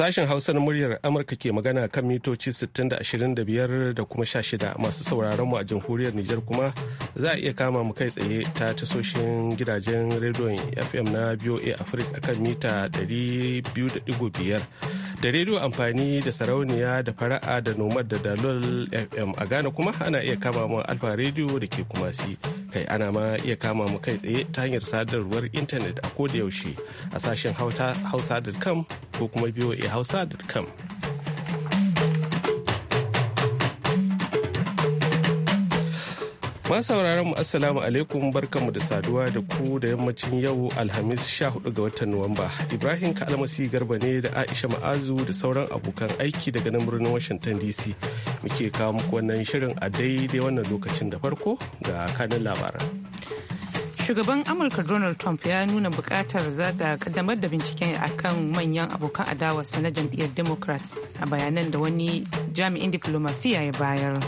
Sashen hausar muryar Amurka ke magana kan mitoci 60 da kuma 16 masu sauraron mu a jamhuriyar Nijar kuma za a iya kama mu kai tsaye ta tasoshin gidajen rediyon FM na BOA Africa kan mita 200.5 da rediyo amfani da sarauniya da fara'a da nomad da dalol FM a Ghana kuma ana iya kama mu Alfa rediyo da ke kumasi. kai ana ma iya kama mu kai tsaye ta hanyar sadarwar intanet a yaushe a sashen hausa.com ko kuma voahausa.com. hausa.com ma sauraron mu assalamu alaikum barkanmu da saduwa da ku da yammacin yau alhamis 14 ga watan nuwamba ibrahim kalmasi garba ne da aisha ma'azu da sauran abokan aiki daga nan birnin washington dc muke kawo muku wannan shirin a daidai wannan lokacin da farko ga kanin labaran shugaban amurka donald trump ya nuna bukatar zaga kaddamar da binciken kan manyan abokan adawarsa na jam'iyyar democrats a bayanan da wani jami'in diplomasiya ya bayar.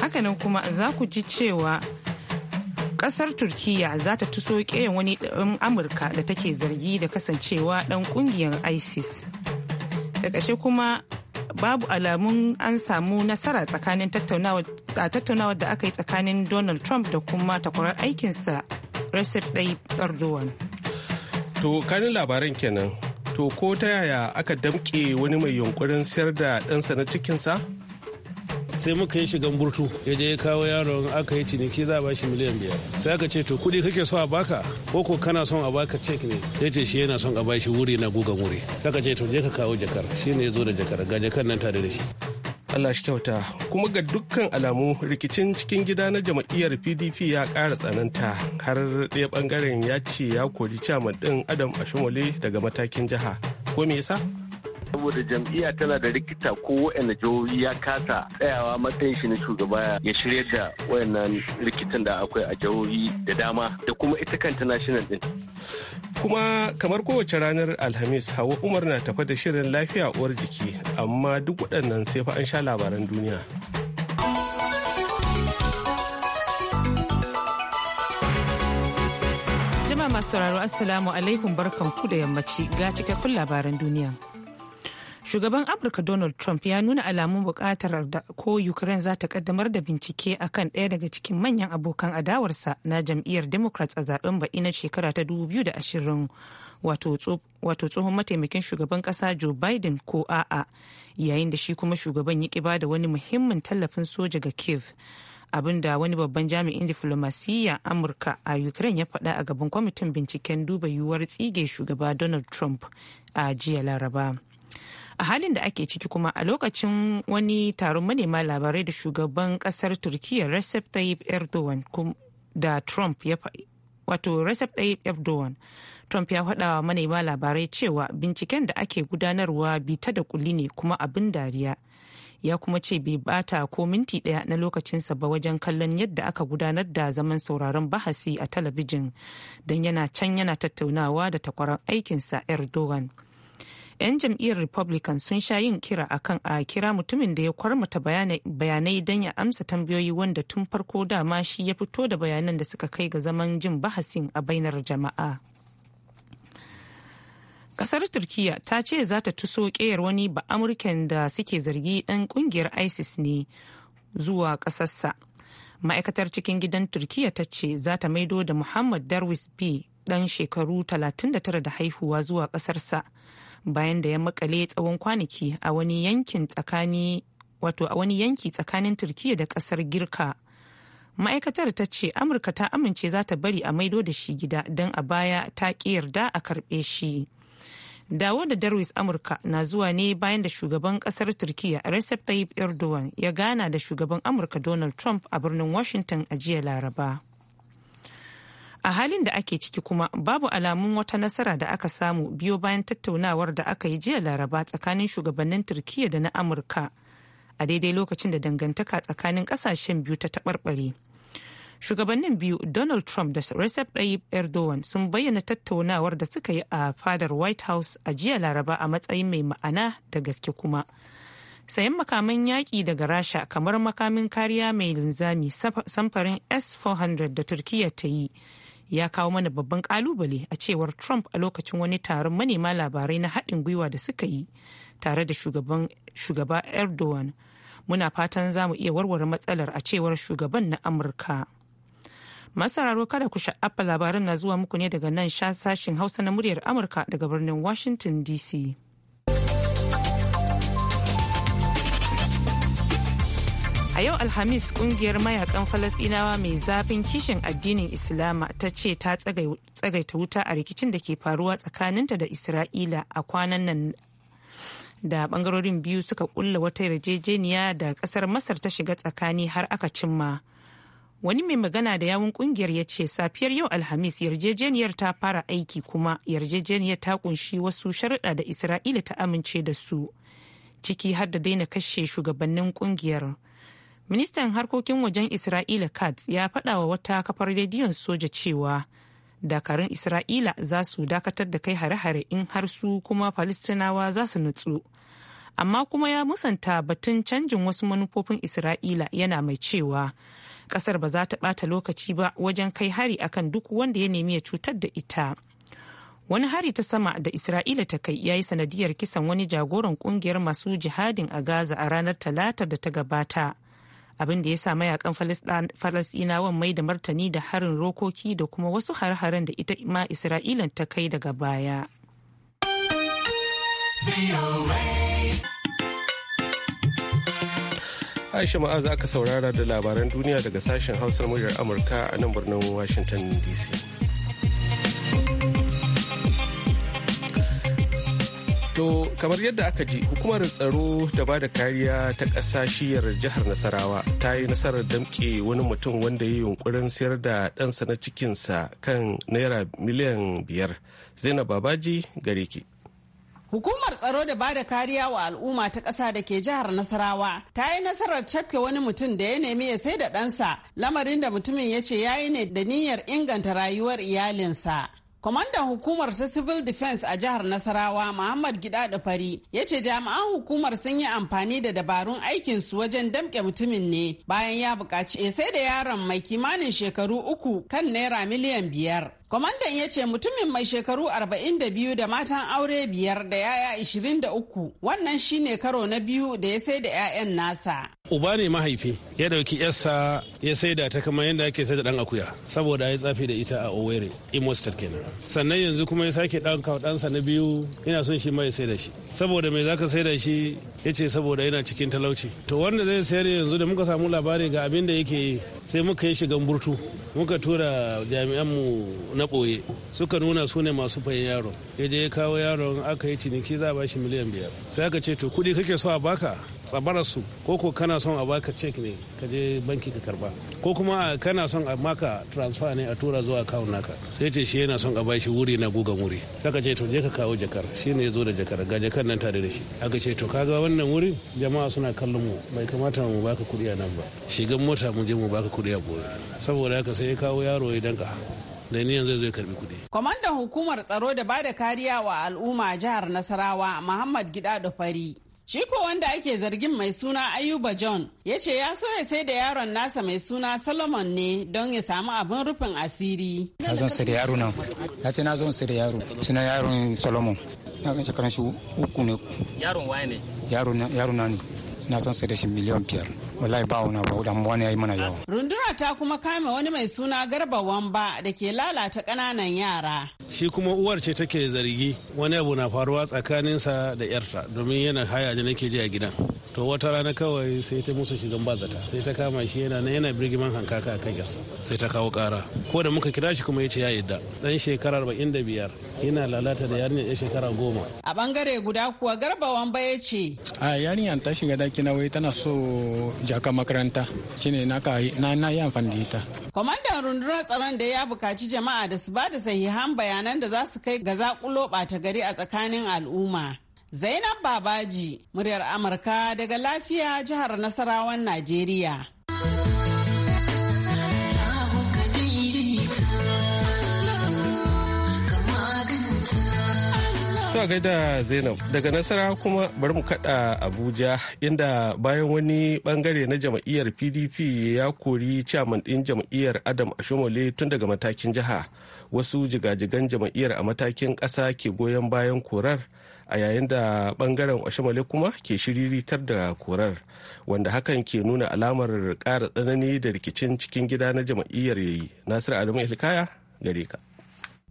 hakanan kuma za ku ji cewa kasar turkiya za ta tuso keyan wani ɗan amurka da take zargi da kasancewa ɗan ƙungiyar isis da ƙashe kuma babu alamun an samu nasara tsakanin tattaunawar da aka yi tsakanin donald trump da kuma takwarar aikinsa recep tayyip erdogan to kanin labaran kenan to ko ta yaya aka damƙe wani mai yunkurin sayar da ɗansa na cikinsa sai muka yi shigan burtu ya je ya kawo yaron aka yi ciniki za a bashi miliyan biyar sai aka ce to kuɗi kake so a baka ko ko kana son a baka cek ne sai ce shi yana son a bashi wuri na gugan wuri sai aka ce to je ka kawo jakar shi ne ya zo da jakar ga jakar nan tare da shi Allah shi kyauta kuma ga dukkan alamu rikicin cikin gida na jam'iyyar PDP ya ƙara tsananta har ɗaya bangaren ya ce ya kori chairman ɗin Adam Ashimole daga matakin jiha. Ko me yasa? saboda jam'iyya tana da rikita ko wa'anda jihohi ya kasa tsayawa matsayin shi na shugaba ya shirya da wayannan rikitan da akwai a jihohi da dama da kuma ita kanta national din kuma kamar kowace ranar alhamis hawa umar na tafa da shirin lafiya uwar jiki amma duk waɗannan sai fa an sha labaran duniya jama'a masu sauraro assalamu alaikum barkan ku da yammaci ga cikakkun labaran duniya shugaban amurka donald trump ya nuna alamun bukatar da ko ukraine za ta kaddamar da bincike akan ɗaya daga cikin manyan abokan adawarsa na jam'iyyar democrats a zaben baɗi na shekara ta 2020 wato tsohon mataimakin shugaban ƙasa joe biden ko a'a yayin da shi kuma shugaban ya ƙiba da wani muhimmin tallafin soja ga kiev da wani babban jami'in diflomasiyya amurka a ukraine ya faɗa a gaban kwamitin binciken duba yiwuwar tsige shugaba donald trump a jiya laraba a halin da ake ciki kuma a lokacin wani taron manema labarai da shugaban kasar turkiyya recep tayyip erdogan da trump ya wato recep tayyip erdogan trump ya faɗa wa manema labarai cewa binciken da ake gudanarwa bita da kulli ne kuma abin dariya ya kuma ce bai bata ko minti daya na lokacinsa ba wajen kallon yadda aka gudanar da zaman sauraron bahasi a talabijin don yana can yana tattaunawa da takwaran aikinsa erdogan 'yan jam'iyyar republican sun sha yin kira akan a kira mutumin da ya kwarmata bayanai don ya amsa tambayoyi wanda tun farko dama shi ya fito da bayanan da suka kai ga zaman jin bahasin a bainar jama'a kasar turkiya ta ce za ta tuso keyar wani ba amurken da suke zargi dan kungiyar isis ne zuwa kasarsa. ma'aikatar cikin gidan turkiya ta ce za ta maido da muhammad darwis b dan shekaru 39 da haihuwa zuwa ƙasarsa bayan da ya makale tsawon kwanaki a wani yankin tsakani wato a wani yanki tsakanin turkiya da kasar girka ma'aikatar ta ce amurka ta amince za ta bari a maido da shi gida don a baya ta ki yarda a karbe shi dawo da darwis amurka na zuwa ne bayan da shugaban kasar turkiya recep tayyip erdogan ya gana da shugaban amurka donald trump a birnin washington a jiya laraba a halin da ake ciki kuma babu alamun wata nasara da aka samu biyo bayan tattaunawar da aka yi jiya laraba tsakanin shugabannin Turkiyya da na amurka a daidai lokacin da dangantaka tsakanin kasashen biyu ta taɓarɓare shugabannin biyu donald trump da recep tayyip erdogan sun bayyana tattaunawar da suka yi a fadar white house a jiya laraba a matsayin mai ma'ana da gaske kuma sayan makaman yaƙi daga rasha kamar makamin kariya mai linzami samfarin s-400 da Turkiyya ta yi ya kawo mana babban kalubale a cewar trump a lokacin wani taron manema labarai na haɗin gwiwa da suka yi tare da shugaba erdogan muna fatan za mu iya warware matsalar a cewar shugaban na amurka masararo kada ku sha'afa labaran na zuwa muku ne daga nan sha sashen hausa na muryar amurka daga birnin washington dc a yau alhamis kungiyar mayakan falasdinawa mai zafin kishin addinin islama ta ce ta tsagaita wuta a rikicin da ke faruwa tsakaninta da isra'ila a kwanan nan da bangarorin biyu suka kulla wata yarjejeniya da kasar masar ta shiga tsakani har aka cimma wani mai magana da yawun kungiyar ya ce safiyar yau alhamis yarjejeniyar ta fara aiki kuma yarjejeniyar ta kunshi wasu sharuɗa da isra'ila ta amince da su ciki har da daina kashe shugabannin kungiyar ministan harkokin wajen isra'ila katz ya faɗa wa wata kafar rediyon soja cewa dakarun isra'ila za su dakatar da kai hare-hare in har su kuma falistinawa za su nutsu amma kuma ya musanta batun canjin wasu manufofin isra'ila yana mai cewa kasar ba za ta ɓata lokaci ba wajen kai hari akan duk wanda ya nemi ya cutar da ita wani hari ta sama da isra'ila ta kai ya yi sanadiyar kisan wani jagoran kungiyar masu jihadin a gaza a ranar talatar da ta gabata abin da ya sa mayakan falasɗinawan mai da martani da harin rokoki da kuma wasu har-haren da ita ma isra'ilan ta kai daga baya. Aisha Ma'aza aka saurara da labaran duniya daga sashen Hausar muryar Amurka a nan birnin Washington DC. kamar yadda aka ji hukumar tsaro da ba da kariya ta ƙasashiyar jihar nasarawa ta yi nasarar damke wani mutum wanda ya yi yunkurin sayar da ɗansa na cikinsa kan naira miliyan biyar zainab babaji gare ki Hukumar tsaro da ba da kariya wa al'umma ta ƙasa da ke jihar Nasarawa ta yi nasarar cafke wani mutum da ya nemi ya sai da ɗansa lamarin da mutumin ya ce ya yi ne da niyyar inganta rayuwar iyalinsa. Kwamandan hukumar ta Civil Defense a jihar Nasarawa Muhammad Gida Fari ya ce jami'an hukumar sun yi amfani da dabarun aikinsu wajen damƙe mutumin ne bayan ya buƙaci sai da yaron mai kimanin shekaru uku kan naira miliyan biyar. Kwamandan ya ce mutumin mai shekaru 42 da matan aure biyar da yaya 23 wannan shi ne karo na biyu da ya sai da 'ya'yan nasa. Uba ne mahaifi ya dauki yarsa ya saida ta kamar yadda ake saida dan akuya saboda ya tsafi da ita a Owerri Imo kenan. Sannan yanzu kuma ya sake dan kawo dansa na biyu ina son shi ma ya saida shi. Saboda me zaka saida shi ya ce saboda yana cikin talauci. To wanda zai sayar yanzu da muka samu labari ga abin da yake yi sai muka yi shigan burtu muka tura jami'anmu na ɓoye suka nuna su ne masu fayin yaro ya je ya kawo yaron aka yi ciniki za a bashi miliyan biyar sai aka ce to kuɗi kake so a baka tsabarar su ko ko kana son a baka cek ne ka je banki ka karba ko kuma kana son a maka transfer ne a tura zuwa kawo naka sai ce shi yana son a bashi wuri na gugan wuri sai aka ce to je ka kawo jakar shi ne ya zo da jakar ga jakar nan tare da shi aka ce to kaga wannan wurin jama'a suna kallon mu bai kamata mu baka kuɗi a nan ba shigan mota mu je mu baka kuɗi a boye saboda haka sai ya kawo yaro ya danka da niyan zai zo ya karbi kuɗi. kwamandan hukumar tsaro da ba da kariya wa al'umma jihar nasarawa muhammad gida da fari Shi ko wanda ake zargin mai suna Ayuba John ya ce ya so ya sai da yaron nasa mai suna Solomon ne don ya samu abin rufin asiri. Na zo sai da yaro nan. Na ce na zo sai da yaro. Suna yaron Solomon. Na kan shekaran shi uku ne. Yaron waye ne? yaro ne na son sai da shi miliyan biyar wallahi ba wani abu da wani yi mana yawa rundura ta kuma kama wani mai suna garba wamba da ke lalata kananan yara shi kuma uwar ce take zargi wani abu na faruwa tsakanin sa da yarta domin yana haya da nake ji a gidan to wata rana kawai sai ta musu shigan bazata sai ta kama shi yana nan yana birgiman hankaka kan yarsa sai ta kawo kara ko da muka kira shi kuma yace ya yadda dan shekara biyar yana lalata da yarinyar ya shekara goma a bangare guda kuwa garba wamba ya ce a yarinyar ta shiga daki na wai tana so jaka makaranta shine na na yi amfani da ita kwamandan rundunar tsaron da ya bukaci jama'a da su ba da sahihan bayanan da za su kai ga zakulo ta gari a tsakanin al'umma zainab babaji muryar amurka daga lafiya jihar nasarawan najeriya To gaida Zainab daga nasara kuma bari mu kada Abuja inda bayan wani bangare na jam'iyyar PDP ya kori chairman din jam'iyyar Adam Ashomole tun daga matakin jiha. Wasu jigajigan jam'iyyar a matakin ƙasa ke goyon bayan korar a yayin da bangaren Ashomole kuma ke shiriritar da korar wanda hakan ke nuna alamar ƙara tsanani da rikicin cikin gida na jam'iyyar yayi. Nasiru Adamu Ilkaya gare ka.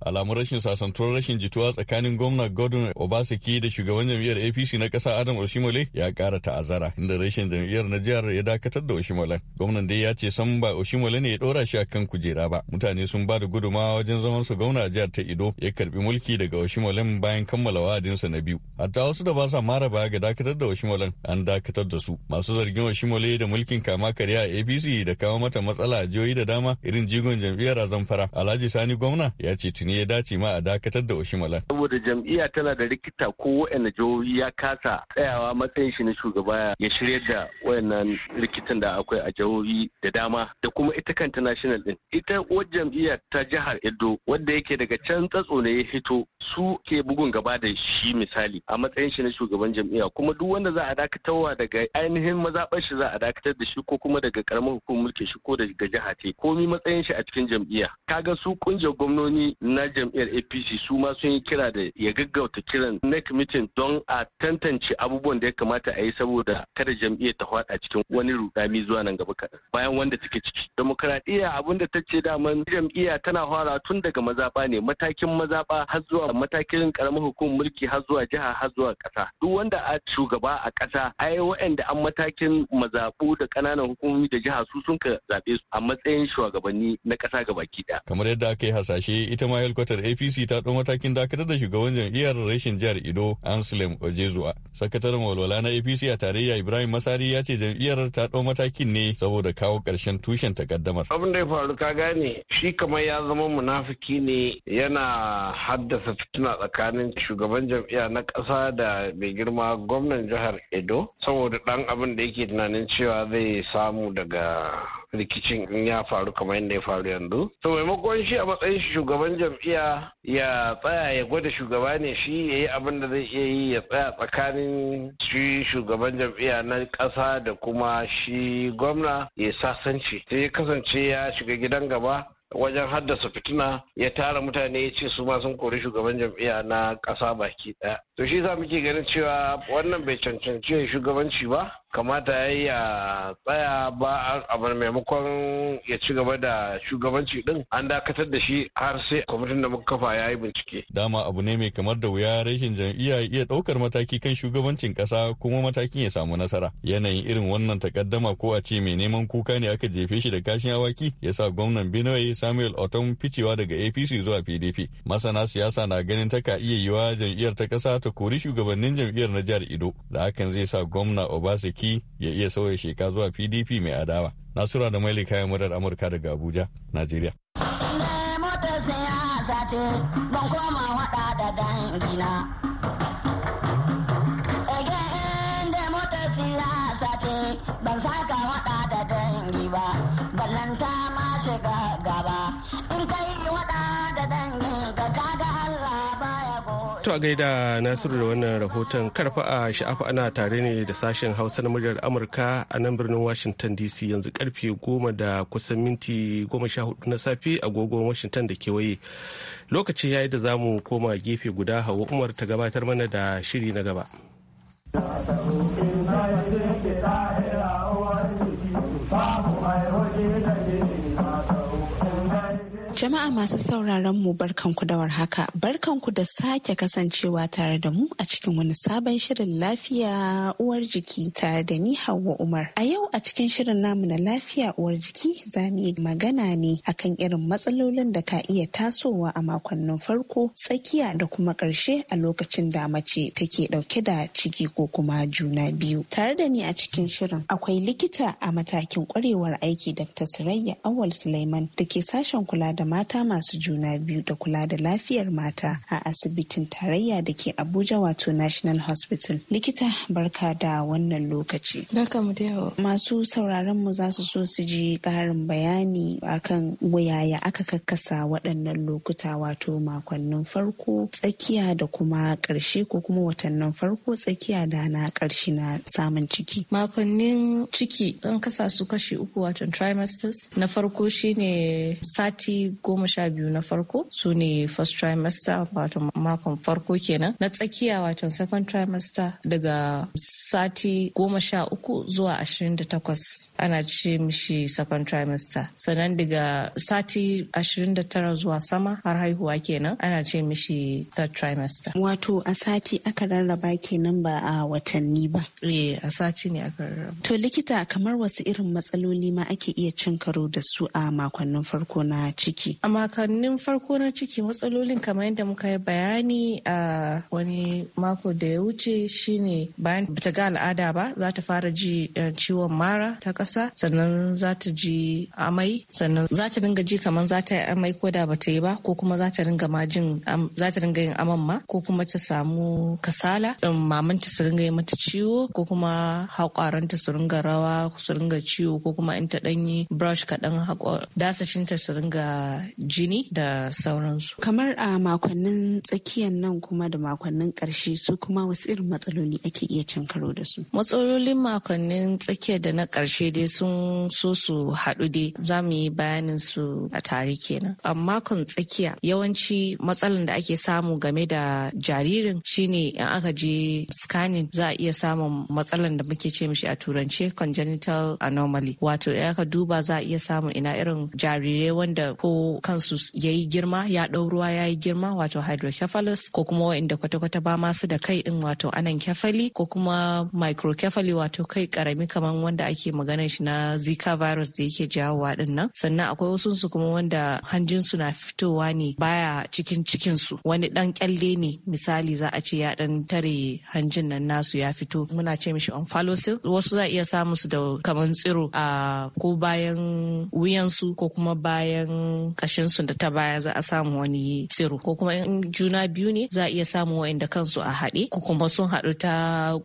alamun rashin sasantuwar rashin jituwa tsakanin gwamna gordon obaseki da shugaban jam'iyyar apc na kasa adam oshimole ya kara ta'azara inda rashin jam'iyyar na jihar ya dakatar da oshimole gwamnan dai ya ce san ba oshimole ne ya ɗora shi akan kujera ba mutane sun ba da gudumawa wajen zaman su gwamna a jihar ta ido ya karbi mulki daga oshimole bayan kammala wa'adinsa na biyu hatta wasu da ba sa mara baya ga dakatar da oshimole an dakatar da su masu zargin oshimole da mulkin kama karya a apc da kawo mata matsala a jihohi da dama irin jigon jam'iyyar a zamfara alhaji sani gwamna ya ce tuni ne ya dace ma a dakatar da Oshimalan. Saboda jam'iyya tana da rikita ko waɗanda jihohi ya kasa tsayawa matsayin shi na shugaba ya shirya da waɗannan rikitan da akwai a jihohi da dama da kuma ita kanta national din. Ita wajen jam'iyya ta jihar Edo wanda yake daga can tsatso ne ya hito su ke bugun gaba da shi misali a matsayin shi na shugaban jam'iyya kuma duk wanda za a dakatarwa daga ainihin mazaɓar shi za a dakatar da shi ko kuma daga karamar hukumar mulki shi ko daga jiha ce komi matsayin shi a cikin jam'iyya. Kaga su kungiyar gwamnoni na na jam'iyyar apc su ma sun yi kira da ya gaggauta kiran na meeting don a tantance abubuwan da ya kamata a yi saboda kada jam'iyyar ta hwada cikin wani rudami zuwa nan gaba kaɗan bayan wanda take ciki demokaradiyya abin da ta ce daman jam'iyya tana fara tun daga mazaba ne matakin mazaba har zuwa matakin karamar hukumar mulki har zuwa jiha har zuwa ƙasa duk wanda a shugaba a ƙasa ai wa'anda an matakin mazabu da ƙananan hukumomi da jiha su sun ka zaɓe su a matsayin shugabanni na ƙasa gabaki ɗaya kamar yadda aka yi hasashe ita ma helkwatar apc ta ɗau matakin dakatar da shugaban jam'iyyar rashin jihar ido anselm ojezuwa sakataren walwala na apc a tarayya ibrahim masari ya ce jam'iyyar ta ɗau matakin ne saboda kawo ƙarshen tushen takaddamar abin da ya faru ka gane shi kamar ya zama munafuki ne yana haddasa fitina tsakanin shugaban jam'iyya na ƙasa da mai girma gwamnan jihar edo saboda ɗan abin da yake tunanin cewa zai samu daga rikicin in ya faru kamar yadda ya faru yanzu to maimakon shi a matsayin shugaban jam'iyya ya tsaya ya gwada shugaba ne shi ya yi abin da zai iya yi ya tsaya tsakanin shi shugaban jam'iyya na ƙasa da kuma shi gwamna ya sasance sai ya kasance ya shiga gidan gaba wajen haddasa fitina ya tara mutane ya ce su ma sun kori shugaban jam'iyya na ƙasa baki ɗaya. To shi sa muke ganin cewa wannan bai cancanci shugabanci ba kamata ya yi a tsaya ba a maimakon ya ci gaba da shugabanci din an dakatar da shi har sai kwamitin da muka kafa ya yi bincike. Dama abu ne mai kamar da wuya rashin jam'iyya iya ɗaukar mataki kan shugabancin ƙasa kuma matakin ya samu nasara. Yanayin irin wannan takaddama ko a ce mai neman kuka ne aka jefe shi da kashin awaki ya sa gwamnan Benue Samuel Otom ficewa daga APC zuwa PDP. Masana siyasa na ganin ta ka iya yiwa jam'iyyar ta ƙasa ta kori shugabannin jam'iyyar na jihar Ido da hakan zai sa gwamna Obaseki mulki ya iya sauya sheka zuwa pdp mai adawa nasura da maili kayan murar amurka daga abuja najeriya ban koma waɗa da dangina ban saka waɗa da dangi ba To a gaida Nasiru da wannan rahoton karfa a sha'afa ana tare ne da sashen Hausa na muryar Amurka a nan birnin Washington DC yanzu karfe goma da kusan minti goma sha hudu na safe agogon Washington da kewaye. Lokaci ya yi da za mu koma gefe guda hawa Umar ta gabatar mana da shiri na gaba. Jama'a masu sauraron mu barkanku da warhaka, barkanku da sake kasancewa tare da mu a cikin wani sabon shirin lafiya uwar jiki tare da ni Hauwa Umar. A yau a cikin shirin namu na lafiya uwar jiki za mu yi magana ne akan irin matsalolin da ka iya tasowa a makonnin farko, tsakiya da kuma ƙarshe a lokacin da mace take ɗauke da ciki ko kuma juna biyu. Tare da ni a cikin shirin akwai likita a matakin ƙwarewar aiki Dr. Sirayya Awal Suleiman da ke sashen kula da mata masu juna biyu da kula da lafiyar mata a asibitin tarayya da ke Abuja wato National Hospital. Likita barka da wannan lokaci. Barka mu Masu sauraron mu za su so su ji karin bayani akan wayaya aka kakkasa waɗannan lokuta wato makonnin farko tsakiya da kuma ƙarshe ko kuma watannin farko tsakiya da na ƙarshe na samun ciki. Makonnin ciki an kasa su kashi uku wato trimesters na farko shine sati goma sha biyu na farko su ne first trimester wato makon farko kenan na tsakiya wato second trimester daga sati goma sha uku zuwa ashirin da takwas ana ce mishi second trimester sannan daga sati ashirin da tara zuwa sama har haihuwa kenan ana ce mishi third trimester wato a sati aka rarraba kenan ba a watanni ba eh a sati ne aka rarraba to likita kamar wasu irin matsaloli ma ake iya cin karo da su a makonnin farko na ciki ciki a makonnin farko na ciki matsalolin kamar yadda muka yi bayani a wani mako da ya wuce shine bayan bata ga al'ada ba za ta fara ji eh, ciwon mara ta kasa sannan za ta ji amai sannan za ta dinga ji kamar za ta yi amai ko da ba ta yi ba ko kuma za ta dinga majin za ta dinga yin aman ma ko kuma ta samu kasala mamanta su dinga yi mata ciwo ko kuma haƙwaranta su dinga rawa su dinga ciwo ko kuma in ta ɗanyi brush kaɗan haƙo dasashinta su dinga jini da sauransu. Kamar a makonnin tsakiyan nan kuma da makonnin ƙarshe su kuma wasu irin matsaloli ake iya cin karo da su. Matsalolin makonnin tsakiyar da na ƙarshe dai sun so su haɗu dai za mu yi bayanin su a tare kenan. A makon tsakiya yawanci matsalan da ake samu game da jaririn shine in aka je scanning za a iya samun matsalan da muke ce mishi a turance congenital anomaly wato in aka duba za a iya samun ina irin jarirai wanda ko kansu ya yi girma ya ɗau ruwa ya yi girma wato hydrocephalus ko kuma wa'inda kwata-kwata ba masu da kai ɗin wato anan kefali ko kuma microcephaly wato kai karami kamar wanda ake maganar shi na zika virus da yake jawowa ɗin nan sannan akwai wasu su kuma wanda hanjinsu na fitowa ne baya cikin cikin su wani ɗan kyalle ne misali za a ce ya ɗan tare hanjin nan nasu ya fito muna ce mishi omphalocele wasu za a iya samun su da kamar tsiro a ah, ko bayan wuyansu ko kuma bayan kashin su da ta baya za a samu wani tsiro ko kuma in juna biyu ne za a iya samu wa'inda kansu a haɗe ko kuma sun haɗu ta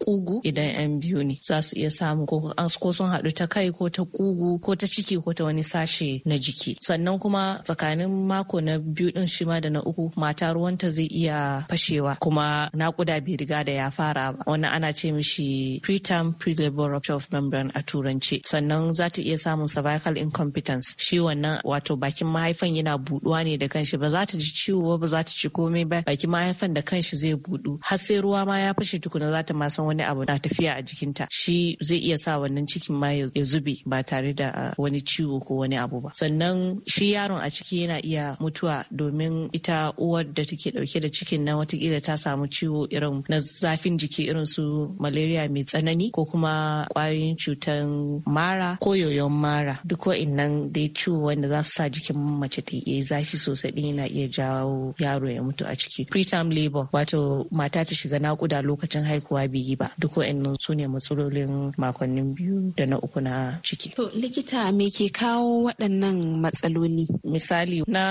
kugu idan yan biyu ne za su iya samu ko sun haɗu ta kai ko ta kugu ko ta ciki ko ta wani sashe na jiki sannan kuma tsakanin mako na biyu din shi ma da na uku mata ruwanta zai iya fashewa kuma nakuda bai riga da ya fara ba wannan ana ce mishi preterm prelabor rupture of membrane a turanci sannan za ta iya samun cervical incompetence shi wannan wato bakin mahaifa mahaifan yana buɗuwa ne da kanshi ba za ta ji ciwo ba ba za ta ci komai ba baki mahaifan da kanshi zai buɗu har sai ruwa ma ya fashe tukuna za ta ma san wani abu na tafiya a jikinta shi zai iya sa wannan cikin ma ya zube ba tare da ah, wani ciwo ko wani abu ba sannan shi yaron a ciki yana iya mutuwa domin ita uwar da take dauke da cikin nan watakila ta samu ciwo irin na zafin jiki irin su malaria mai tsanani ko kuma kwayoyin cutan mara ko yoyon mara duk wa'innan dai ciwo wanda za su sa jikin mace ta yi zafi sosai din yana iya jawo yaro ya mutu a ciki preterm labor wato mata ta shiga nakuda lokacin haihuwa bai yi ba duk wa'annan su ne matsalolin makonnin biyu da na uku na ciki to likita me ke kawo waɗannan matsaloli misali na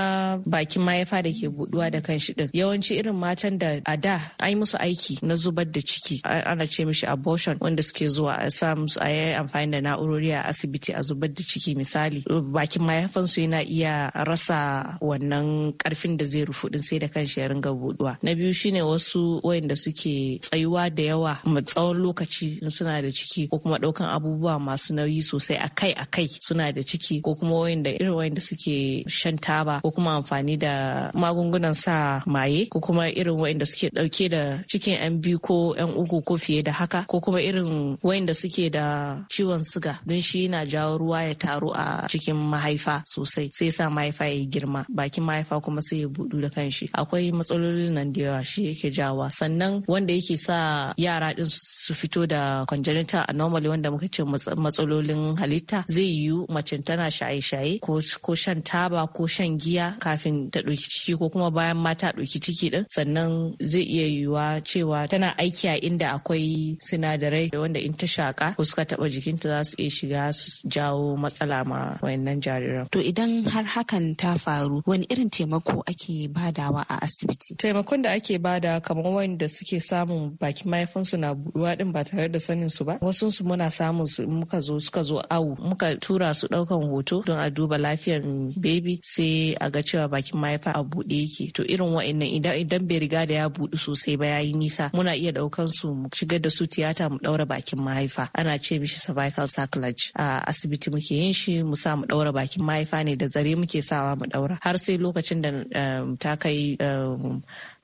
bakin mahaifa da ke buɗuwa da kanshi din yawanci irin matan da a da an yi musu aiki na zubar da ciki ana ce mishi abortion wanda suke zuwa a samu a yi amfani da na'urori a asibiti a zubar da ciki misali bakin mahaifansu yana iya rasa wannan karfin da zai rufu din sai da kan ya ringa buduwa na biyu shine wasu wayanda suke tsayuwa da yawa tsawon lokaci suna da ciki ko kuma daukan abubuwa masu nauyi sosai akai akai suna da ciki ko kuma wayanda irin wayanda suke shan taba ko kuma amfani da magungunan sa maye ko kuma irin wayanda suke dauke da cikin yan biyu ko yan uku ko fiye da haka ko kuma irin wayanda suke da ciwon siga don shi yana jawo ruwa ya taru a cikin mahaifa sosai sai sa mahaifa mahaifa ya girma bakin mahaifa kuma sai ya budu da kanshi akwai matsalolin nan da yawa shi yake jawa sannan wanda yake sa yara din su fito da congenital anomaly wanda muka ce matsalolin halitta zai yiwu mace tana shaye-shaye ko shan taba ko shan giya kafin ta ɗauki ciki ko kuma bayan ma ta ɗauki ciki din sannan zai iya yiwuwa cewa tana aiki a inda akwai sinadarai wanda in ta shaka ko suka taba jikinta za su iya shiga su jawo matsala ma wayannan jariran to idan har hakan hakan ta faru wani irin taimako ake badawa a asibiti taimakon da ake bada kamar wanda suke samun bakin mahaifinsu na buɗuwa din ba tare da sanin su ba wasu su muna samun su muka zo suka zo awu muka tura su ɗaukan hoto don a duba lafiyar baby sai a ga cewa bakin mahaifa a buɗe yake to irin wa'annan idan idan bai riga da ya buɗu sosai ba yayi nisa muna iya ɗaukan su mu shigar da su tiyata mu ɗaura bakin mahaifa ana ce mishi cervical sacrilege a asibiti muke yin shi mu sa mu ɗaura bakin mahaifa ne da zare muke sa sawa mu daura har sai lokacin da eh, ta kai eh,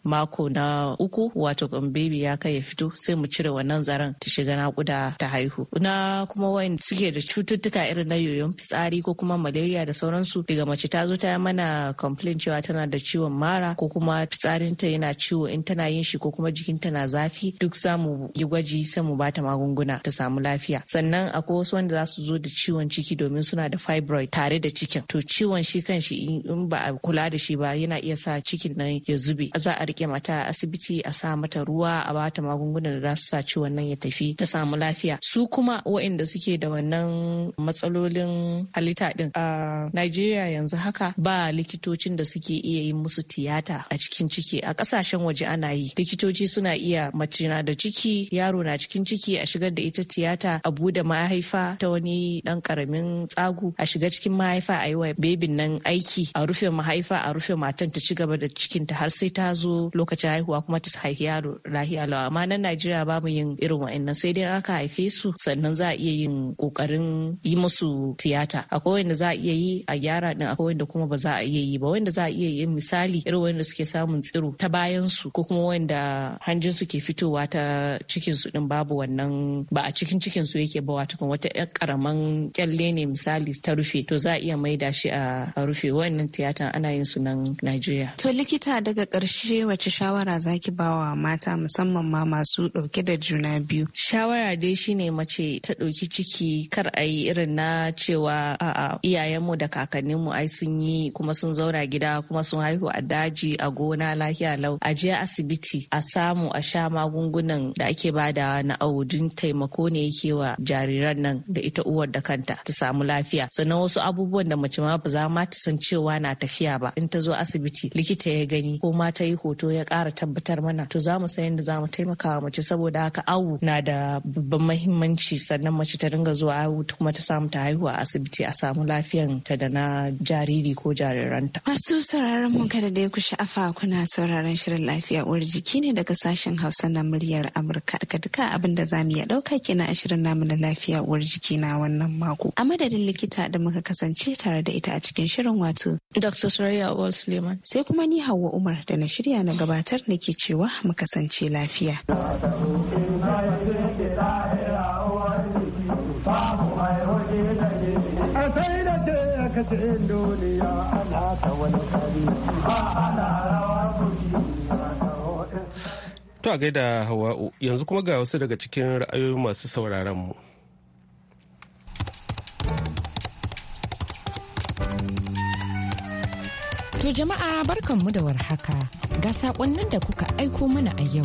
mako na uku wato um, bebi ya kai ya fito sai mu cire wannan zaren ta shiga nakuda ta haihu na kuma wayan suke da cututtuka irin na yoyon fitsari ko kuma malaria da sauransu daga mace ta zo ta yi mana complain cewa tana da ciwon mara ko kuma fitsarinta yana ciwo in tana yin shi ko kuma jikinta na zafi duk samu yi gwaji sai mu bata magunguna ta samu lafiya sannan akwai wasu wanda za su zo da ciwon ciki domin suna da fibroid tare da cikin to ciwon shi kan shi in ba a kula da shi ba yana iya sa cikin nan ya zube za a rike mata a asibiti a sa mata ruwa a bata magungunan da za su sa ciwon nan ya tafi ta samu lafiya su kuma waɗanda suke da wannan matsalolin halitta din a Najeriya yanzu haka ba likitocin da suke iya yin musu tiyata a cikin ciki a kasashen waje ana yi likitoci suna iya mace na da ciki yaro na cikin ciki a shigar da ita tiyata a bude mahaifa ta wani dan karamin tsagu a shiga cikin mahaifa a yi wa bebin nan aiki a rufe mahaifa a rufe matan ta ci gaba da cikinta har sai ta zo lokacin haihuwa kuma ta haifi yaro lahiya lawa amma nan Najeriya ba mu yin irin wa'annan sai dai aka haife su sannan za a iya yin kokarin yi musu tiyata akwai wanda za a iya yi a gyara din akwai wanda kuma ba za a iya yi ba wanda za a iya yin misali irin wanda suke samun tsiro ta bayan su ko kuma wanda hanjin su ke fitowa ta cikin su din babu wannan ba a cikin cikin su yake ba wato wata yar karaman kyalle ne misali ta rufe to za a iya maida shi a rufe wannan tiyatan ana yin su nan Najeriya to likita daga karshe wace shawara zaki bawa mata musamman ma masu ɗauke da juna biyu? Shawara dai shine mace ta ɗauki ciki kar a yi irin na cewa a'a iyayenmu da kakanninmu ai sun yi kuma sun zauna gida kuma sun haihu a daji a gona lafiya lau a je asibiti a samu a sha magungunan da ake badawa na audun taimako ne yake wa jariran nan da ita uwar da kanta ta samu lafiya sannan wasu abubuwan da mace ma ba za ma ta san cewa na tafiya ba in ta zo asibiti likita ya gani ko ma ta yi hoto fito ya kara tabbatar mana to za mu san yadda za mu taimaka wa mace saboda haka awu na da babban mahimmanci sannan mace ta dinga zuwa awu kuma ta samu ta haihuwa a asibiti a samu lafiyan ta da na jariri ko jariranta. Masu sauraron mun kada da ya ku sha'afa kuna sauraron shirin lafiya uwar jiki ne daga sashen Hausa na muryar Amurka daga duka abin da zamu iya ɗauka kenan a shirin namu na lafiya uwar jiki na wannan mako. A madadin likita da muka kasance tare da ita a cikin shirin wato. Dr. Suraya Wal Suleiman. Sai kuma ni Hauwa Umar da na shirya na gabatar da ke cewa mu kasance lafiya. To a gaida Hawa'u yanzu kuma ga wasu daga cikin ra'ayoyi masu sauraron mu. To jama'a barkan mu da warhaka ga sakonnin da kuka aiko mana a yau.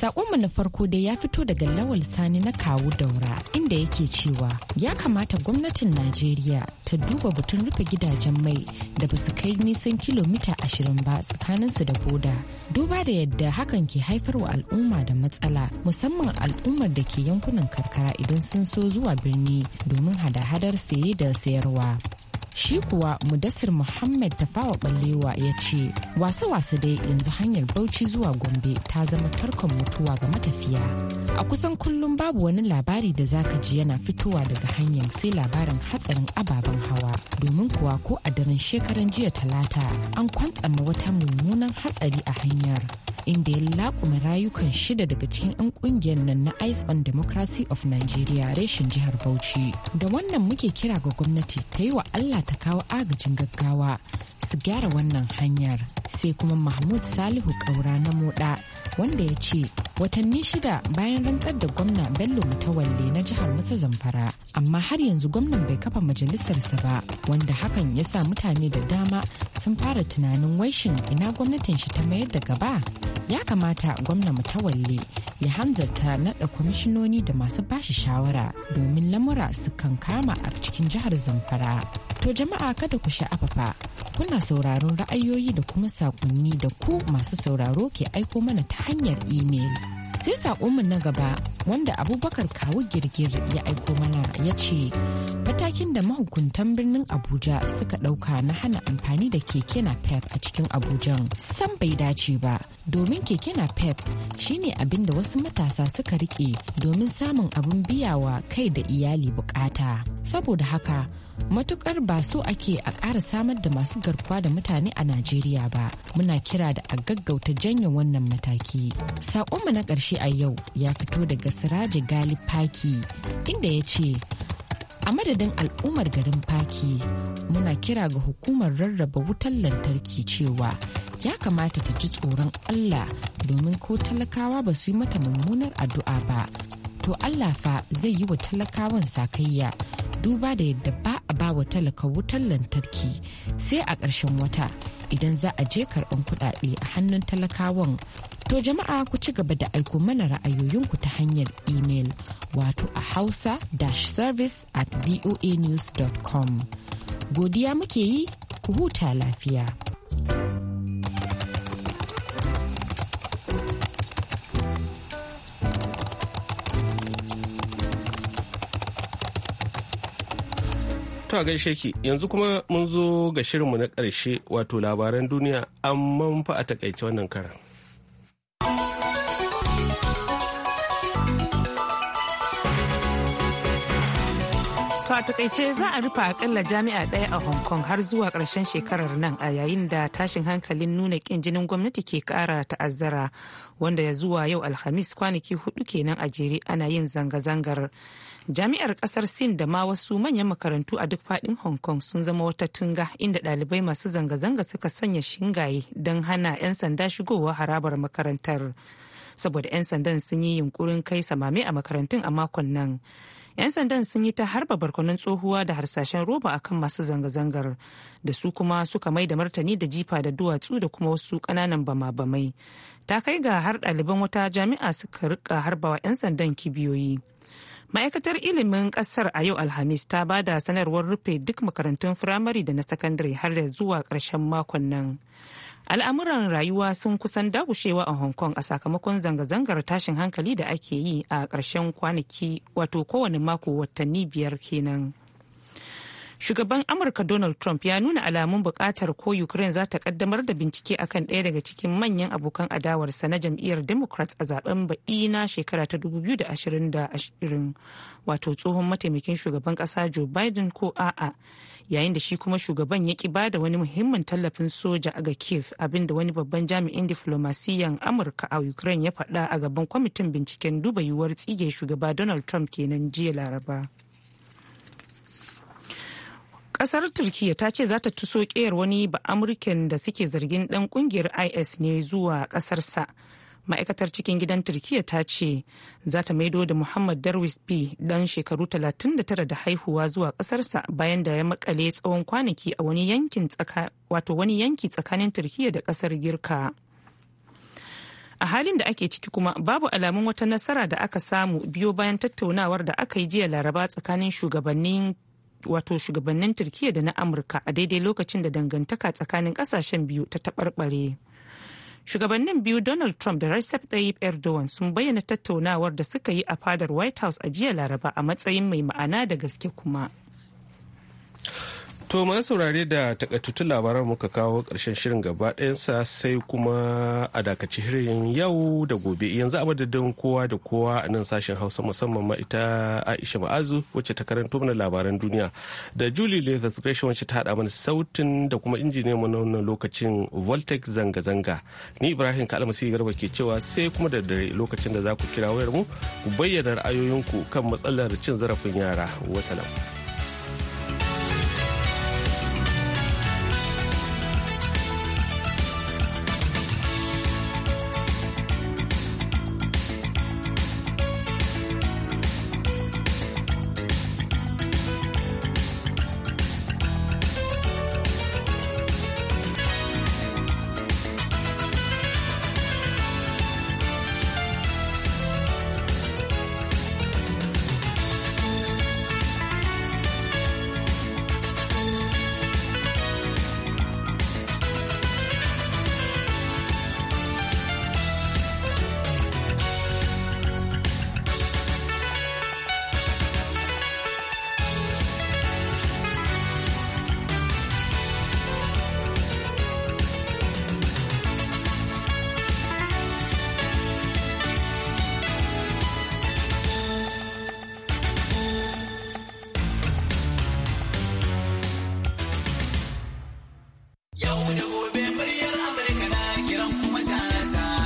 Sakonmu na farko dai ya fito daga Lawal Sani na kawu daura inda yake cewa ya kamata gwamnatin Najeriya ta duba butun rufe gidajen mai da basu kai nisan kilomita ashirin ba tsakaninsu da boda. Duba da yadda hakan ke haifar wa al'umma da matsala musamman al'ummar da ke yankunan karkara idan sun so zuwa birni domin hada-hadar saye da sayarwa. shi kuwa mudassir muhammad tafawa ballewa ya ce wasa-wasa dai yanzu hanyar bauchi zuwa gombe ta zama tarkon mutuwa ga matafiya a kusan kullum babu wani labari da zaka ji yana fitowa daga hanyar sai labarin hatsarin ababen hawa domin kuwa ko a daren shekaran jiya talata an kwantsama wata mummunan hatsari a hanyar inda ya laƙuma rayukan shida daga cikin 'yan ƙungiyar nan na Ice on Democracy of Nigeria reshen jihar Bauchi. Da wannan muke kira ga gwamnati ta yi wa Allah ta kawo agajin gaggawa su gyara wannan hanyar sai kuma mahmud salihu kaura na moda wanda ya ce watanni shida bayan rantsar da gwamna bello mutawalle na jihar masa zamfara amma har yanzu gwamnan bai kafa majalisarsa ba wanda hakan ya sa mutane da dama sun fara tunanin waishin ina gwamnatin shi ta mayar da gaba ya kamata gwamna mutawalle ya hanzarta naɗa kwamishinoni da masu bashi shawara domin lamura su kan kama a cikin jihar zamfara To jama'a kada ku sha'afafa kuna sauraron ra'ayoyi da kuma sakonni da ku masu sauraro ke aiko mana ta hanyar imel. Sai mu na gaba wanda abubakar kawu girgir ya aiko mana ya ce matakin da mahukuntan birnin abuja suka ɗauka na hana amfani da keke na pep a cikin abujan san bai dace ba domin keke na shi shine abin da wasu matasa suka rike domin samun abin biyawa kai da iyali bukata saboda haka matukar ba so ake a ƙara samar da masu garkuwa da mutane a najeriya ba muna kira da a gaggauta janye wannan mataki mu na ƙarshe a yau ya fito daga siraji gali paki inda ya ce a madadin al'ummar garin paki muna kira ga hukumar rarraba wutar lantarki cewa ya kamata ta ji tsoron allah domin ko talakawa ba su yi mata mummunar addu'a ba to allah fa zai yi wa talakawan sakayya duba da yadda ba a ba wa talaka wutar lantarki sai a ƙarshen wata idan za a je karɓan kuɗaɗe a hannun talakawan to jama'a ku ci gaba da aiko mana ra'ayoyinku ta hanyar email wato a hausa-service at voanews.com godiya muke yi ku huta lafiya. To gaishe ki yanzu kuma mun zo ga shirinmu na ƙarshe wato labaran duniya amma fa a takaice wannan karan. a takaice za a rufe akalla jami'a ɗaya a hong kong har zuwa ƙarshen shekarar nan a yayin da tashin hankalin nuna ƙin jinin gwamnati ke ƙara ta'azzara wanda ya zuwa yau alhamis kwanaki hudu kenan a jere ana yin zanga-zangar jami'ar kasar sin da ma wasu manyan makarantu a duk fadin hong kong sun zama wata tunga inda dalibai masu zanga-zanga suka sanya shingaye don hana 'yan sanda shigowa harabar makarantar saboda 'yan sandan sun yi yunkurin kai samame a makarantun a makon nan 'yan sandan sun yi ta harba barkonin tsohuwa da harsashen roba akan masu zanga-zangar da su kuma suka mai da martani da jifa da duwatsu da kuma wasu kananan bama-bamai ta kai ga har ɗaliban wata jami'a suka rika harbawa 'yan sandan kibiyoyi ma'aikatar ilimin kasar a yau alhamis ta ba da sanarwar rufe duk makarantun firamare da na sakandare har da zuwa ƙarshen makon nan al'amuran rayuwa sun kusan dagushewa a hong kong a sakamakon zanga-zangar tashin hankali da ake yi a ƙarshen kwanaki wato kowane mako watanni biyar kenan. shugaban amurka donald trump ya nuna alamun bukatar ko ukraine za ta kaddamar da bincike akan ɗaya daga cikin manyan abokan adawarsa na jam'iyyar democrats a zaben baɗi na shekara ta 2020 wato tsohon mataimakin shugaban ƙasa joe biden ko a'a yayin da shi kuma shugaban ya ki bada wani muhimmin tallafin soja ga kiev abinda wani babban jami'in diflomasiyan amurka a ukraine ya faɗa a gaban kwamitin binciken duba yiwuwar tsige shugaba donald trump kenan jiya laraba. kasar turkiya ta ce za ta tuso kiyar wani ba amurken da suke zargin dan kungiyar is ne zuwa kasarsa ma'aikatar cikin gidan turkiya ta ce za ta maido da muhammad darwis b dan shekaru 39 da haihuwa zuwa kasarsa bayan da ya makale tsawon kwanaki a wani yanki tsakanin turkiya da kasar girka a halin da ake ciki kuma babu alamun wata nasara da aka samu biyo bayan tattaunawar da aka yi jiya laraba tsakanin shugabannin wato shugabannin turkiya da na amurka a daidai lokacin da dangantaka tsakanin kasashen biyu ta taɓarɓare shugabannin biyu donald trump da recep tayyip erdogan sun bayyana tattaunawar da suka yi a fadar white house a jiya laraba a matsayin mai ma'ana da gaske kuma To masu saurare da takaitattu labaran muka kawo ƙarshen shirin gaba ɗayansa sai kuma a dakaci shirin yau da gobe yanzu a madadin kowa da kowa a nan sashen hausa musamman ma ita Aisha Ma'azu wacce ta karanta mana labaran duniya da Julie Lathas Gresham wacce ta haɗa mana sautin da kuma injiniyan mu na wannan lokacin Voltec zanga-zanga. Ni Ibrahim sai Garba ke cewa sai kuma da dare lokacin da za ku kira wayar mu ku bayyana ra'ayoyinku kan matsalar cin zarafin yara. Wasalam.